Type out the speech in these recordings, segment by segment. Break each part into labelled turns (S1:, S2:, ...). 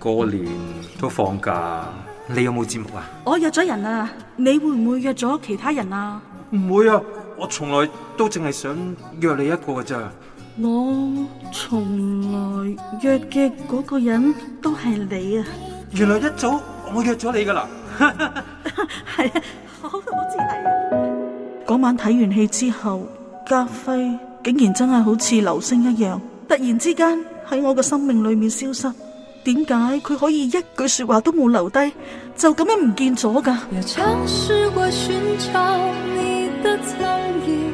S1: 過年都放假，你有冇節目啊？
S2: 我約咗人啊，你會唔會約咗其他人啊？
S1: 唔會啊，我從來都淨係想約你一個噶咋。
S2: 我從來約嘅嗰個人都係你
S1: 啊。原來一早我約咗你噶啦，
S2: 係啊，好好似係嗰晚睇完戲之後，嘉輝竟然真係好似流星一樣，突然之間喺我嘅生命裏面消失。點解佢可以一句說話都冇留低，就咁樣唔見咗㗎？也曾試過尋找你的曾經，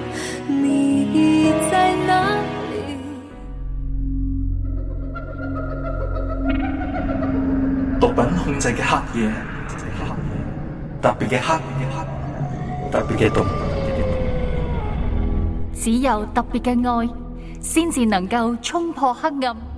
S2: 你在哪裏？
S1: 毒品控制嘅黑夜，黑夜，特別嘅黑黑，特別嘅毒。
S2: 只有特別嘅愛，先至能夠衝破黑暗。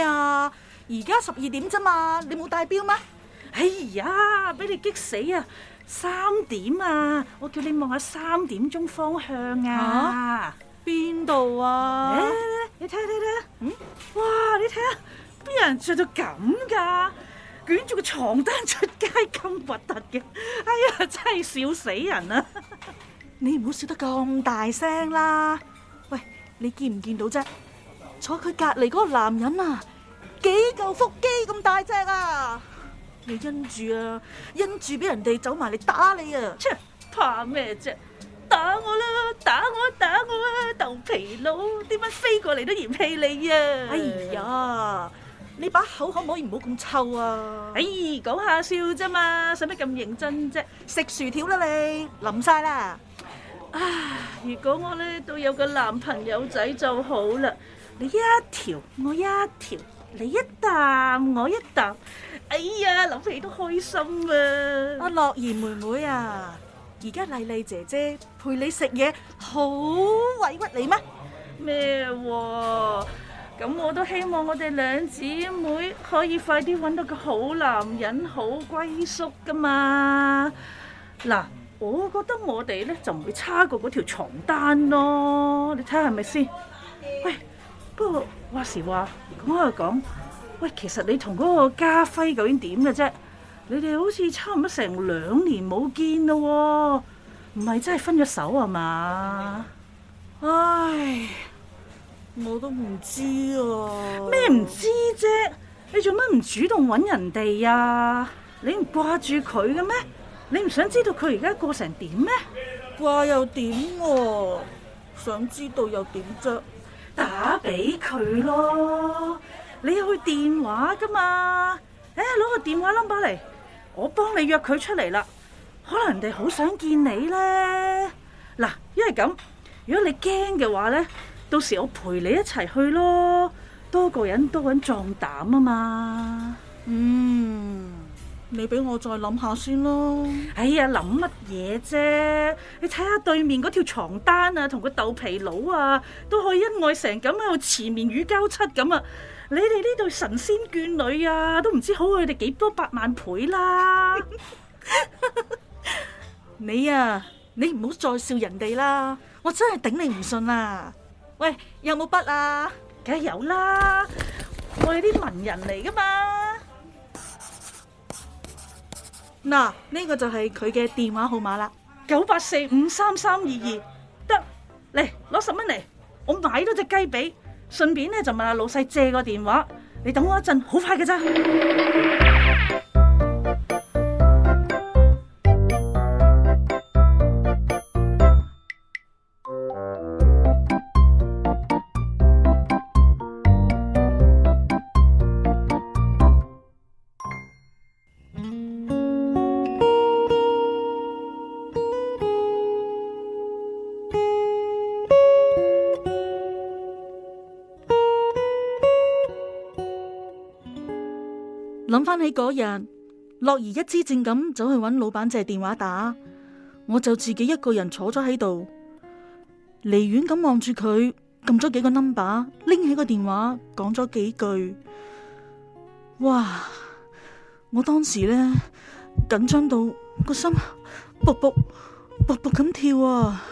S2: 啊，而家十二點啫嘛，你冇帶表咩？哎呀，俾你激死啊！三點啊，我叫你望下三點鐘方向啊，邊度啊？啊唉你睇下，睇睇，嗯？哇，你睇下，邊有人着到咁噶，捲住個床單出街咁核突嘅？哎呀，真係笑死人啊！ 你唔好笑得咁大聲啦！喂，你見唔見到啫？坐佢隔籬嗰個男人啊，幾嚿腹肌咁大隻啊！你因住啊，因住俾人哋走埋嚟打你啊！切，怕咩啫？打我啦，打我、啊，打我啦、啊！豆皮佬，點解飛過嚟都嫌棄你啊！哎呀，你把口可唔可以唔好咁臭啊？哎，講下笑啫嘛，使乜咁認真啫？食薯條啦你，淋晒啦！啊，如果我咧都有個男朋友仔就好啦。你一條，我一條；你一啖，我一啖。哎呀，諗起都開心啊！阿樂兒妹妹啊，而家麗麗姐姐陪你食嘢，好委屈你咩？咩喎？咁我都希望我哋兩姊妹可以快啲搵到個好男人、好歸宿㗎嘛。嗱，我覺得我哋咧就唔會差過嗰條床單咯。你睇下係咪先？喂。不過話時話講又講，喂，其實你同嗰個家輝究竟點嘅啫？你哋好似差唔多成兩年冇見咯喎，唔係真係分咗手係嘛？唉，我都唔知喎、啊，咩唔知啫、啊？你做乜唔主動揾人哋呀、啊？你唔掛住佢嘅咩？你唔想知道佢而家過成點咩？掛又點喎、啊？想知道又點啫、啊？打俾佢咯，你要去電話噶嘛？誒、哎，攞個電話 number 嚟，我幫你約佢出嚟啦。可能人哋好想見你咧。嗱，因為咁，如果你驚嘅話咧，到時我陪你一齊去咯，多個人多人壯膽啊嘛。嗯。你俾我再諗下先咯。哎呀，諗乜嘢啫？你睇下對面嗰條床單啊，同個豆皮佬啊，都可以恩愛成咁，喺度纏綿如膠漆咁啊！你哋呢對神仙眷侶啊，都唔知好過你哋幾多百萬倍啦！你啊，你唔好再笑人哋啦，我真係頂你唔順啦！喂，有冇筆啊？梗係有啦，我哋啲文人嚟噶嘛。嗱，呢個就係佢嘅電話號碼啦，九八四五三三二二，得嚟，攞十蚊嚟，我買多隻雞髀，順便咧就問阿老細借個電話，你等我一陣，好快嘅咋。諗翻起嗰日，樂兒一支箭咁走去搵老闆借電話打，我就自己一個人坐咗喺度，離遠咁望住佢，撳咗幾個 number，拎起個電話講咗幾句。哇！我當時呢，緊張到個心卜卜卜卜咁跳啊！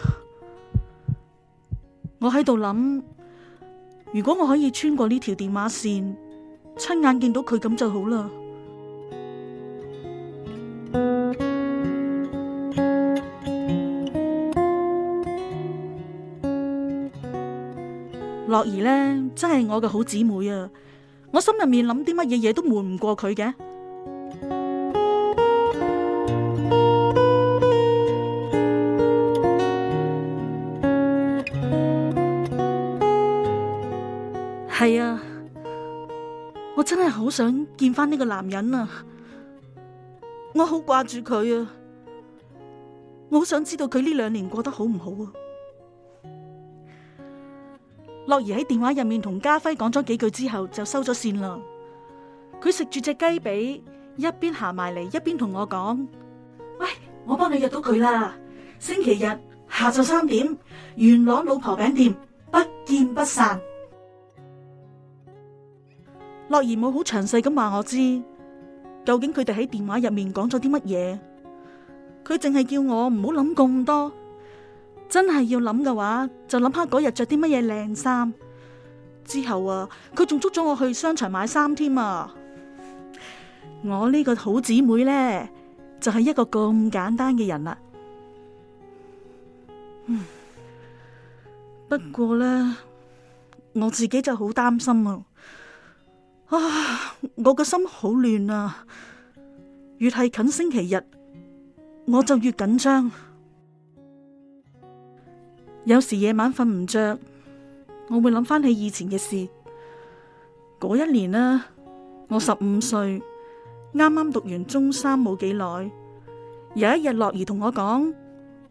S2: 我喺度諗，如果我可以穿過呢條電話線。親眼見到佢咁就好啦。樂兒咧，真係我嘅好姊妹啊，我心入面諗啲乜嘢嘢都瞞唔過佢嘅。想見翻呢個男人啊！我好掛住佢啊！我好想知道佢呢兩年過得好唔好啊！樂兒喺電話入面同家輝講咗幾句之後就收咗線啦。佢食住隻雞髀，一邊行埋嚟一邊同我講：喂，我幫你約到佢啦，星期日下晝三點，元朗老婆餅店，不見不散。樂兒冇好詳細咁話我知，究竟佢哋喺電話入面講咗啲乜嘢？佢淨係叫我唔好諗咁多，真係要諗嘅話就諗下嗰日着啲乜嘢靚衫。之後啊，佢仲捉咗我去商場買衫添啊！我呢個好姊妹咧，就係一個咁簡單嘅人啦。嗯，不過咧，我自己就好擔心啊。啊！我個心好亂啊，越係近星期日，我就越緊張。有時夜晚瞓唔着，我會諗翻起以前嘅事。嗰一年呢，我十五歲，啱啱讀完中三冇幾耐。有一日，樂兒同我講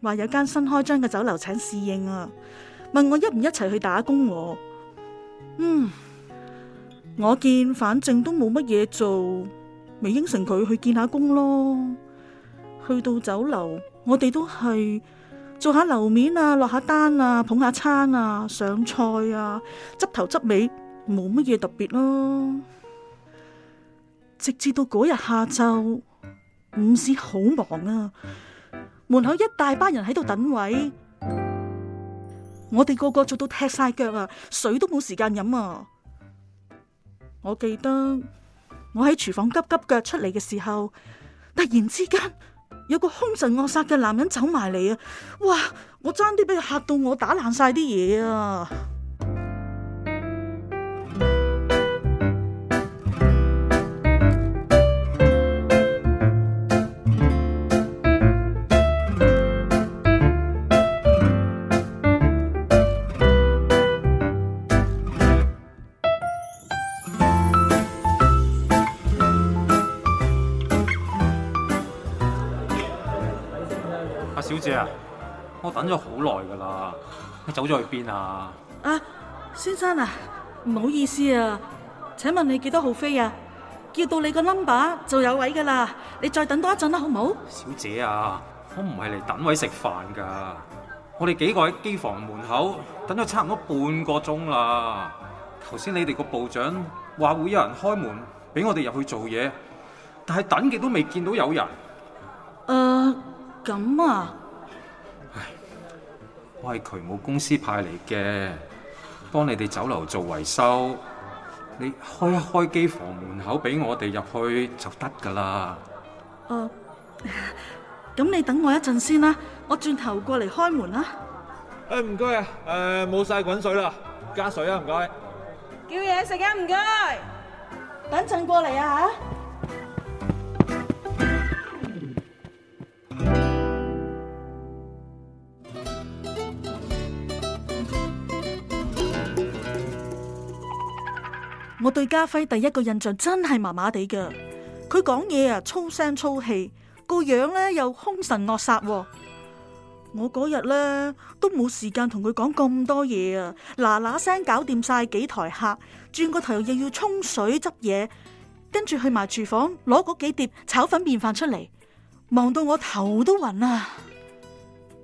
S2: 話，有間新開張嘅酒樓請侍應啊，問我一唔一齊去打工喎。嗯。我見反正都冇乜嘢做，咪應承佢去見下工咯。去到酒樓，我哋都係做下樓面啊，落下單啊，捧下餐啊，上菜啊，執頭執尾，冇乜嘢特別咯。直至到嗰日下晝，午市好忙啊，門口一大班人喺度等位，我哋個個做到踢晒腳啊，水都冇時間飲啊。我記得我喺廚房急急腳出嚟嘅時候，突然之間有個凶神惡煞嘅男人走埋嚟啊！哇！我爭啲俾佢嚇到我打爛晒啲嘢啊！
S1: 阿小姐啊，我等咗好耐噶啦，你走咗去邊啊？啊，
S2: 先生啊，唔好意思啊，請問你幾多號飛啊？叫到你個 number 就有位噶啦，你再等多一陣啦，好唔好？
S1: 小姐啊，我唔係嚟等位食飯噶，我哋幾個喺機房門口等咗差唔多半個鐘啦。頭先你哋個部長話會有人開門俾我哋入去做嘢，但係等極都未見到有人。
S2: 誒、啊。咁啊！唉，
S1: 我係渠務公司派嚟嘅，幫你哋酒樓做維修。你開一開機房門口俾我哋入去就得噶啦。
S2: 哦，咁你等我一陣先啦，我轉頭過嚟開門啦。
S1: 誒，唔該啊。誒，冇晒滾水啦，加水啊，唔該。
S2: 叫嘢食啊，唔該。等陣過嚟啊，吓。我對家輝第一個印象真係麻麻地噶，佢講嘢啊粗聲粗氣，個樣咧又凶神惡煞。我嗰日咧都冇時間同佢講咁多嘢啊，嗱嗱聲搞掂晒幾台客，轉個頭又要沖水執嘢，跟住去埋廚房攞嗰幾碟炒粉麵飯出嚟，忙到我頭都暈啊！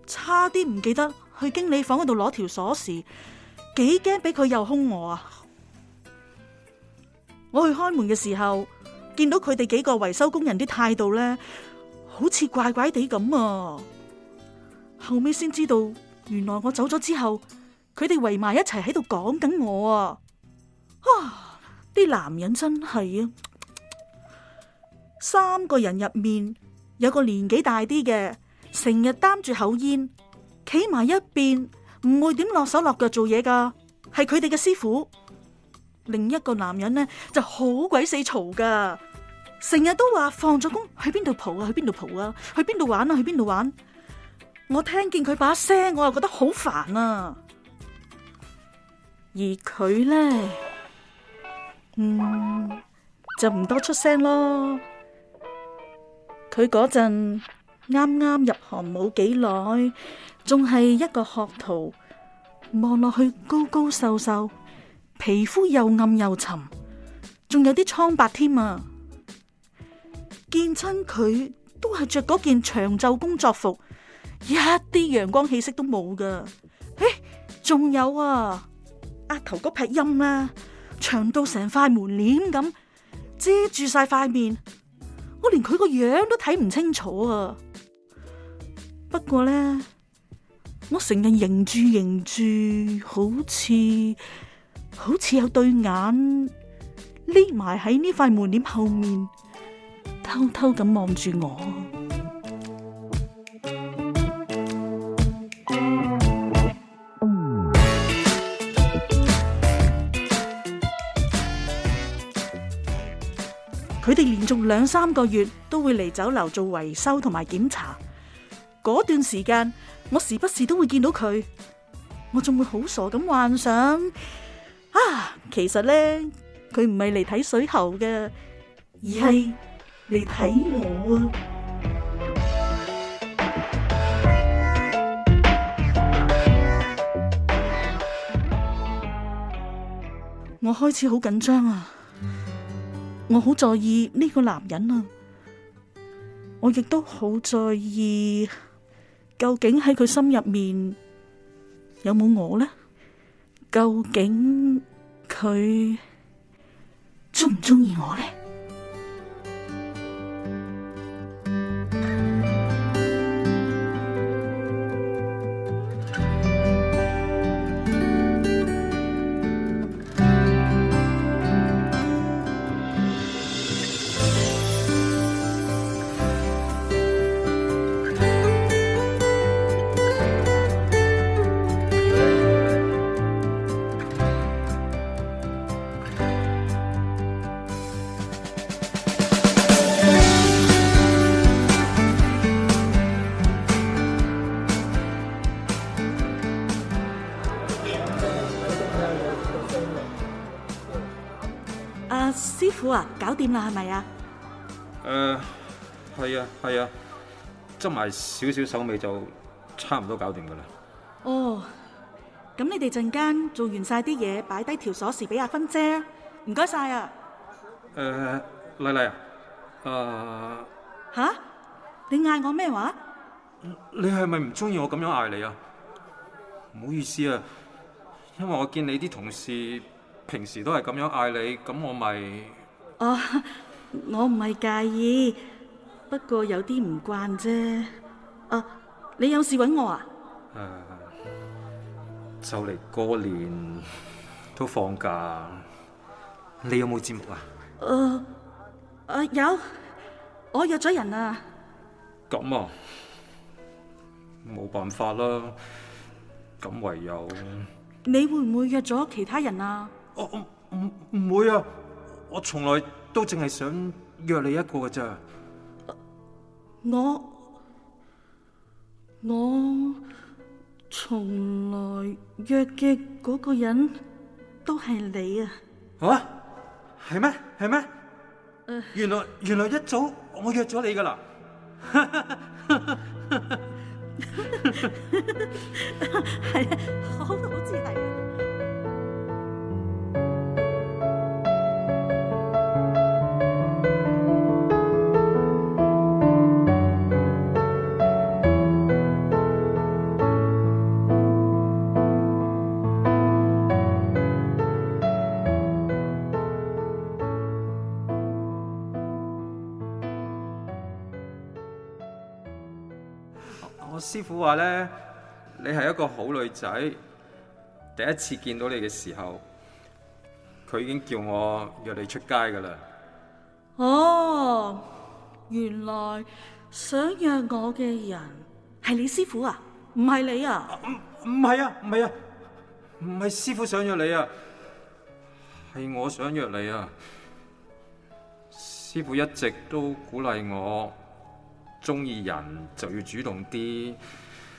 S2: 差啲唔記得去經理房嗰度攞條鎖匙，幾驚俾佢又凶我啊！我去開門嘅時候，見到佢哋幾個維修工人啲態度咧，好似怪怪地咁啊！後尾先知道，原來我走咗之後，佢哋圍埋一齊喺度講緊我啊！啊，啲男人真係啊！三個人入面有個年紀大啲嘅，成日擔住口煙，企埋一邊，唔會點落手落腳做嘢噶，係佢哋嘅師傅。另一個男人咧就好鬼死嘈噶，成日都話放咗工去邊度蒲啊，去邊度蒲啊，去邊度玩啊，去邊度玩。我聽見佢把聲，我又覺得好煩啊。而佢咧，嗯，就唔多出聲咯。佢嗰陣啱啱入行冇幾耐，仲係一個學徒，望落去高高瘦瘦。皮膚又暗又沉，仲有啲蒼白添啊！見親佢都係着嗰件長袖工作服，一啲陽光氣息都冇噶。誒、哎，仲有啊，額頭嗰劈陰啦，長到成塊門簾咁，遮住晒塊面，我連佢個樣都睇唔清楚啊。不過咧，我成日迎住迎住，好似～好似有對眼匿埋喺呢塊門簾後面，偷偷咁望住我。佢哋連續兩三個月都會嚟酒樓做維修同埋檢查，嗰段時間我時不時都會見到佢，我仲會好傻咁幻想。啊，其實咧，佢唔係嚟睇水喉嘅，而係嚟睇我， 我啊！我開始好緊張啊！我好在意呢個男人啊！我亦都好在意，究竟喺佢心入面有冇我呢？究竟佢鍾唔鍾意我咧？搞掂啦，係咪啊？誒，
S1: 係啊，係啊，執埋少少手尾就差唔多搞掂噶啦。
S2: 哦，咁你哋陣間做完晒啲嘢，擺低條鎖匙俾阿芬姐，唔該晒啊。
S1: 誒，麗麗啊，
S2: 誒，吓，你嗌我咩話？
S1: 你係咪唔中意我咁樣嗌你啊？唔好意思啊，因為我見你啲同事平時都係咁樣嗌你，咁我咪。
S2: 哦，我唔係介意，不過有啲唔慣啫。哦，你有事搵我啊？
S1: 呃，就嚟過年都放假，你有冇節目啊？
S2: 呃，呃有，我約咗人啊。
S1: 咁啊，冇辦法啦，咁唯有。
S2: 你會唔會約咗其他人啊？
S1: 哦，唔唔會啊。我從來都淨係想約你一個㗎咋？
S2: 我我從來約嘅嗰個人都係你啊！
S1: 啊，係咩？係咩？原來原來一早我約咗你噶啦！哈 哈 係啊，好。佢話咧，你係一個好女仔，第一次見到你嘅時候，佢已經叫我約你出街噶啦。
S2: 哦，原來想約我嘅人係你師傅啊，
S1: 唔係你啊？唔係啊，唔係啊，唔係啊，師傅想約你啊，係我想約你啊。師傅一直都鼓勵我。鍾意人就要主動啲，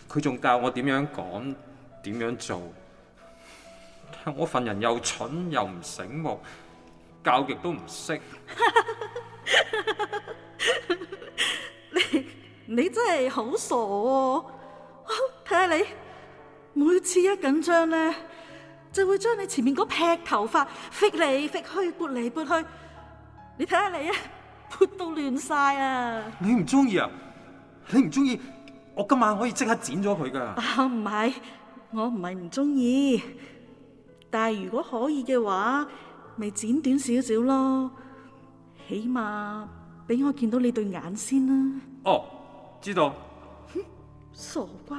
S1: 佢仲教我點樣講，點樣做。我份人又蠢又唔醒目，教極都唔識。
S2: 你你真係好傻喎，啊！睇下你，每次一緊張咧，就會將你前面嗰撇頭髮揈嚟揈去，撥嚟撥去。你睇下你啊！ 都亂晒了啊，
S1: 啊！你唔中意啊？你唔中意，我今晚可以即刻剪咗佢噶。
S2: 啊，唔係，我唔係唔中意，但係如果可以嘅話，咪剪短少少咯，起碼俾我見到你對眼先啦。
S1: 哦，知道。嗯，
S2: 傻瓜。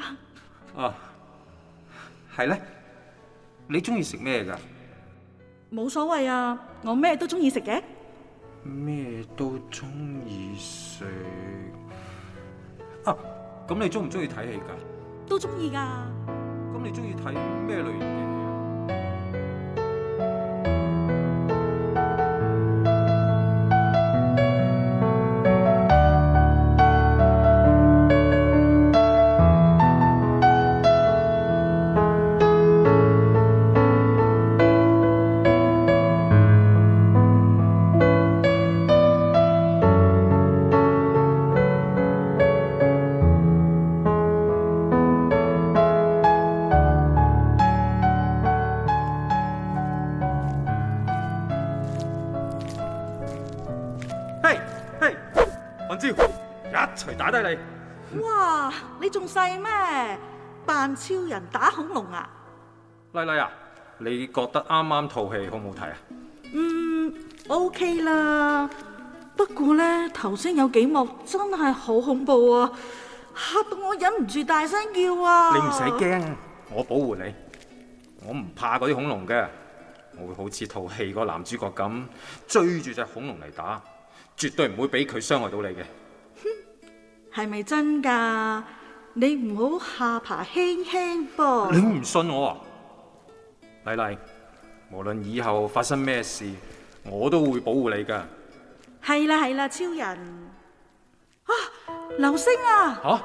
S2: 啊，
S1: 係咧，你中意食咩噶？
S2: 冇所謂啊，我咩都中意食嘅。
S1: 咩都中意食啊！咁你中唔中意睇戲噶？都中意噶。咁你中意睇咩類型嘅？
S2: 超人打恐龍啊！
S1: 麗麗啊，你覺得啱啱套戲好唔好睇啊？
S2: 嗯，OK 啦。不過咧，頭先有幾幕真係好恐怖啊，吓到我忍唔住大聲叫啊！你唔使驚，
S1: 我保護你，我唔怕嗰啲恐龍嘅。我會好似套戲個男主角咁，追住隻恐龍嚟打，絕對唔會俾佢傷害到你嘅。
S2: 哼，係咪真噶？你唔好下爬，輕輕噃。你
S1: 唔信我啊，麗麗？無論以後發生咩事，我都會保護你噶。
S2: 係啦，係啦，超人啊！流星啊！
S1: 吓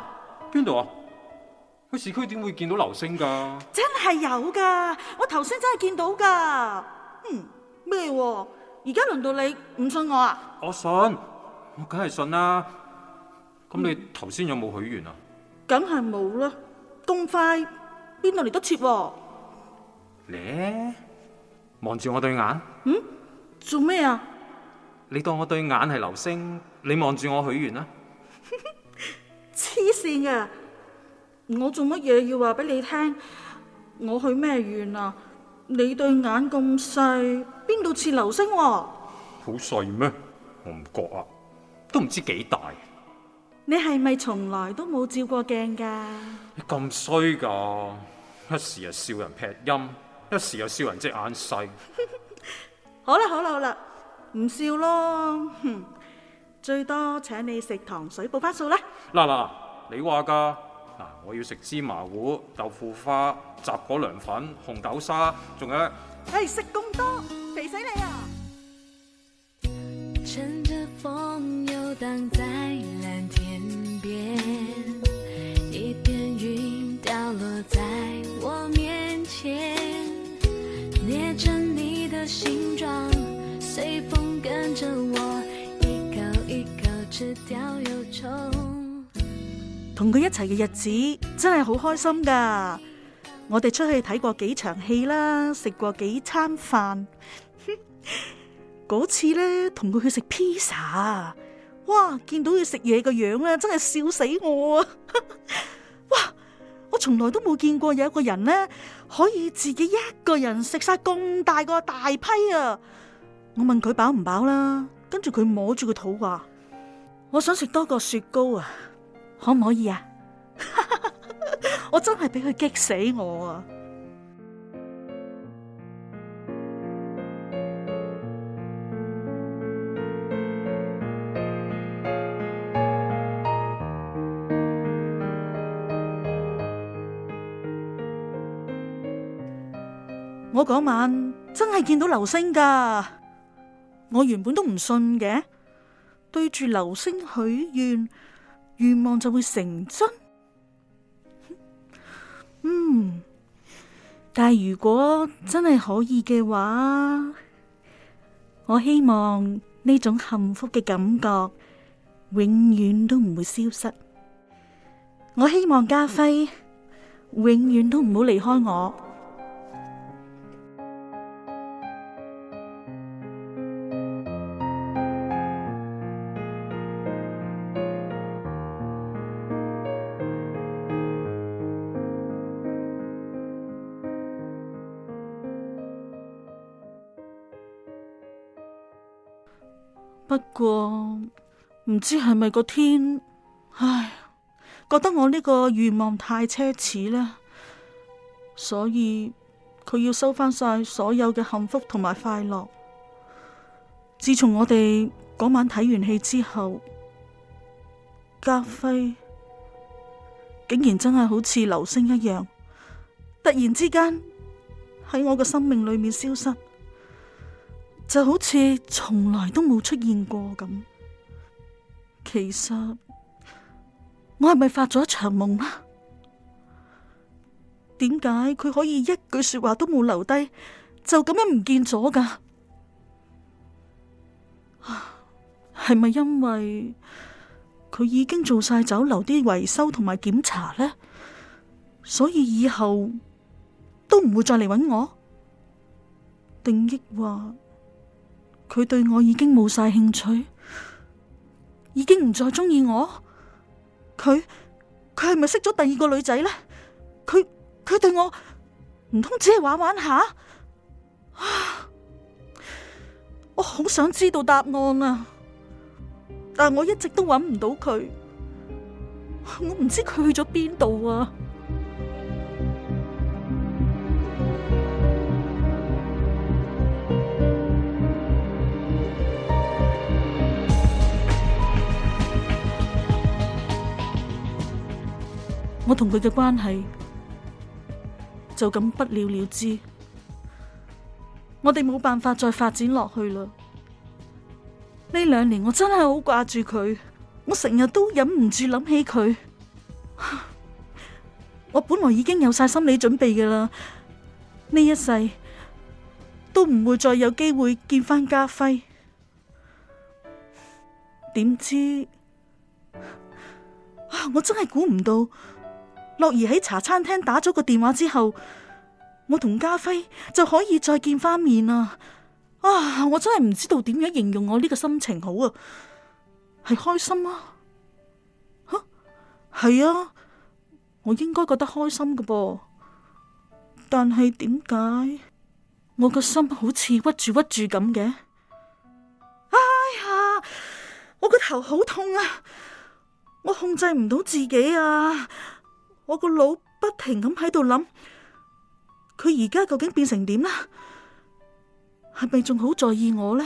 S1: 邊度啊？去、啊、市區點會見到流星噶？
S2: 真係有噶，我頭先真係見到噶。嗯咩？而家輪到你唔信我啊？
S1: 我信，我梗係信啦。咁你頭先有冇許願啊？嗯
S2: 梗係冇啦，咁快邊度嚟得切？
S1: 咧，望住我對眼，嗯，做咩啊？你當我對眼係流星？你望住我許願啊！
S2: 黐線嘅，我做乜嘢要話俾你聽？我去咩願啊？你對眼咁細，邊度似流星？好
S1: 細咩？我唔覺啊，都唔知幾大。
S2: 你係咪從來都冇照過鏡噶？
S1: 咁衰噶，一時又笑人劈音，一時又笑人隻眼細
S2: 好啦好啦好啦，唔笑咯、哼，最多請你食糖水補翻數啦。
S1: 嗱嗱，你話噶，嗱，我要食芝麻糊、豆腐花、雜果涼粉、紅豆沙，仲有係食
S2: 咁多，肥死你啊？乘着風遊蕩在藍天邊，一片雲掉落在我面前，捏着你嘅形狀，隨風跟住我，一口一口吃掉憂愁。同佢一齊嘅日子真係好開心㗎，我哋出去睇過幾場戲啦，食過幾餐飯。 嗰次咧，同佢去食披薩啊！哇，見到佢食嘢個樣咧，真係笑死我啊！ 哇，我從來都冇見過有一個人咧，可以自己一個人食晒咁大個大批啊！我問佢飽唔飽啦，跟住佢摸住個肚話：我想食多個雪糕啊，可唔可以啊？ 我真係俾佢激死我啊！我嗰晚真係見到流星噶，我原本都唔信嘅，對住流星許願，願望就會成真。嗯，但係如果真係可以嘅話，我希望呢種幸福嘅感覺永遠都唔會消失。我希望家輝永遠都唔好離開我。不過唔知係咪個天，唉，覺得我呢個願望太奢侈啦，所以佢要收翻晒所有嘅幸福同埋快樂。自從我哋嗰晚睇完戲之後，家輝竟然真係好似流星一樣，突然之間喺我嘅生命裏面消失。就好似從來都冇出現過咁。其實我係咪發咗一場夢啊？點解佢可以一句說話都冇留低，就咁樣唔見咗噶？係咪因為佢已經做晒酒樓啲維修同埋檢查呢？所以以後都唔會再嚟揾我？定益話。佢對我已經冇晒興趣，已經唔再中意我。佢佢係咪識咗第二個女仔咧？佢佢對我唔通只係玩玩下？啊！我好想知道答案啊！但我一直都揾唔到佢，我唔知佢去咗邊度啊！我同佢嘅關係就咁不了了之，我哋冇辦法再發展落去啦。呢兩年我真係好掛住佢，我成日都忍唔住諗起佢。我本來已經有晒心理準備㗎啦，呢一世都唔會再有機會見翻家輝。點知，我真係估唔到。樂兒喺茶餐廳打咗個電話之後，我同家輝就可以再見翻面啦！啊，我真係唔知道點樣形容我呢個心情好啊，係開心啊？吓、啊，係啊，我應該覺得開心嘅噃，但係點解我個心好似屈住屈住咁嘅？哎呀，我個頭好痛啊，我控制唔到自己啊！我個腦不停咁喺度諗，佢而家究竟變成點啦？係咪仲好在意我呢？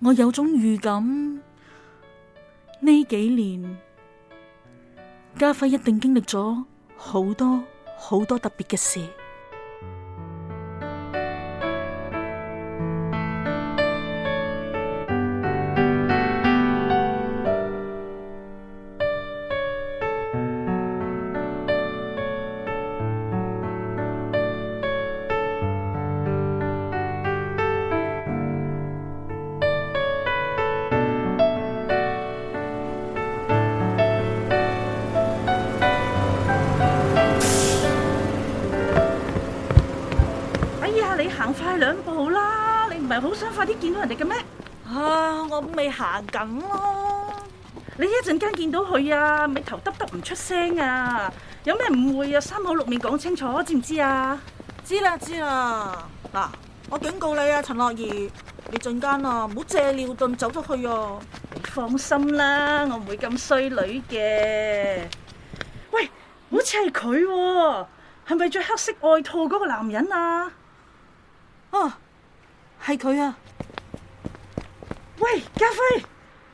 S2: 我有種預感，呢幾年，家輝一定經歷咗好多好多特別嘅事。唔係好想快啲見到人哋嘅咩？啊，我未行緊咯。你一陣間見到佢啊，咪頭耷耷唔出聲啊！有咩誤會啊？三口六面講清楚，知唔知啊？知啦，知啦。嗱、啊，我警告你啊，陳樂儀，你陣間啊唔好借尿遁走咗去哦、啊。你放心啦，我唔會咁衰女嘅。喂，嗯、好似係佢，係咪着黑色外套嗰個男人啊？啊！係佢啊！喂，家輝，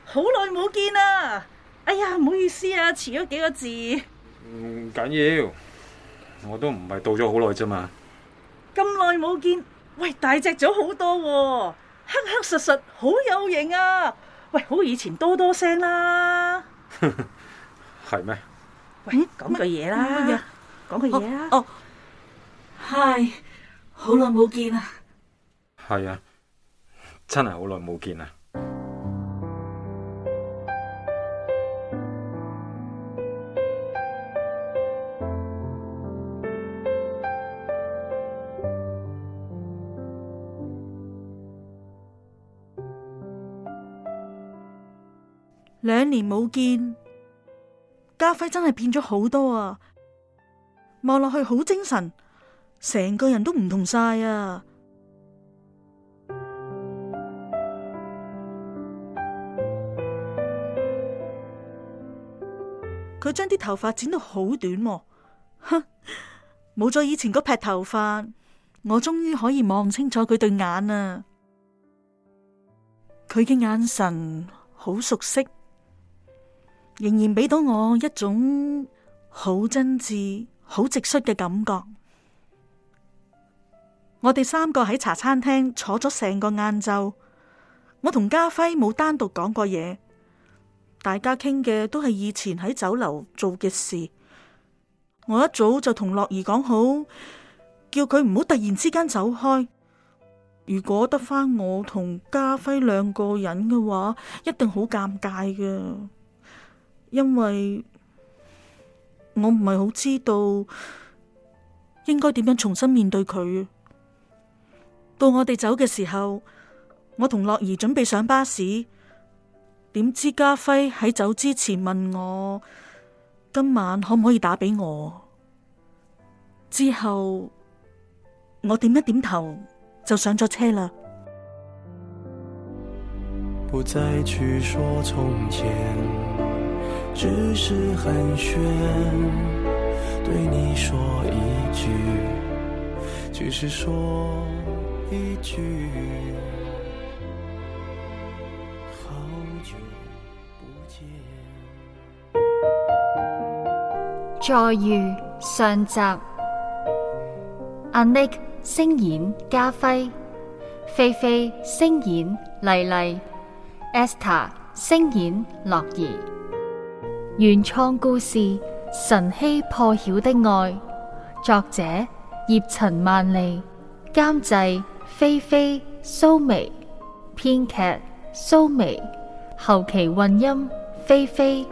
S2: 好耐冇見啦！哎呀，唔好意思啊，遲咗幾個字。
S1: 唔緊要，我都唔係到咗好耐啫嘛。
S2: 咁耐冇見，喂，大隻咗好多，黑黑實實，好有型啊！喂，好以前多多聲啦。
S1: 係咩？
S2: 喂，講句嘢啦，講句嘢啊！哦 h 好耐冇見啊！
S1: 係啊，真係好耐冇見啊！
S2: 兩年冇見，家輝真係變咗好多啊！望落去好精神，成個人都唔同晒啊！佢將啲頭髮剪到好短，哦，哼，冇咗以前嗰撇頭髮，我終於可以望清楚佢對眼啦。佢嘅眼神好熟悉，仍然俾到我一種好真摯、好直率嘅感覺。我哋三個喺茶餐廳坐咗成個晏晝，我同家輝冇單獨講過嘢。大家傾嘅都係以前喺酒樓做嘅事。我一早就同樂兒講好，叫佢唔好突然之間走開。如果得返我同家輝兩個人嘅話，一定好尷尬嘅，因為我唔係好知道應該點樣重新面對佢。到我哋走嘅時候，我同樂兒準備上巴士。點知家輝喺走之前問我今晚可唔可以打俾我？之後我點一點頭就上咗車啦。
S1: 不再去說從前，只是寒暄，對你說一句，只是說一句。再
S2: 遇上集，阿 Nick 聲演家輝，菲菲聲演麗麗，Esther 聲演樂兒。原創故事《晨曦破曉的愛》，作者葉陳曼麗，監製
S1: 菲菲蘇眉，編劇蘇眉，後期混音菲菲。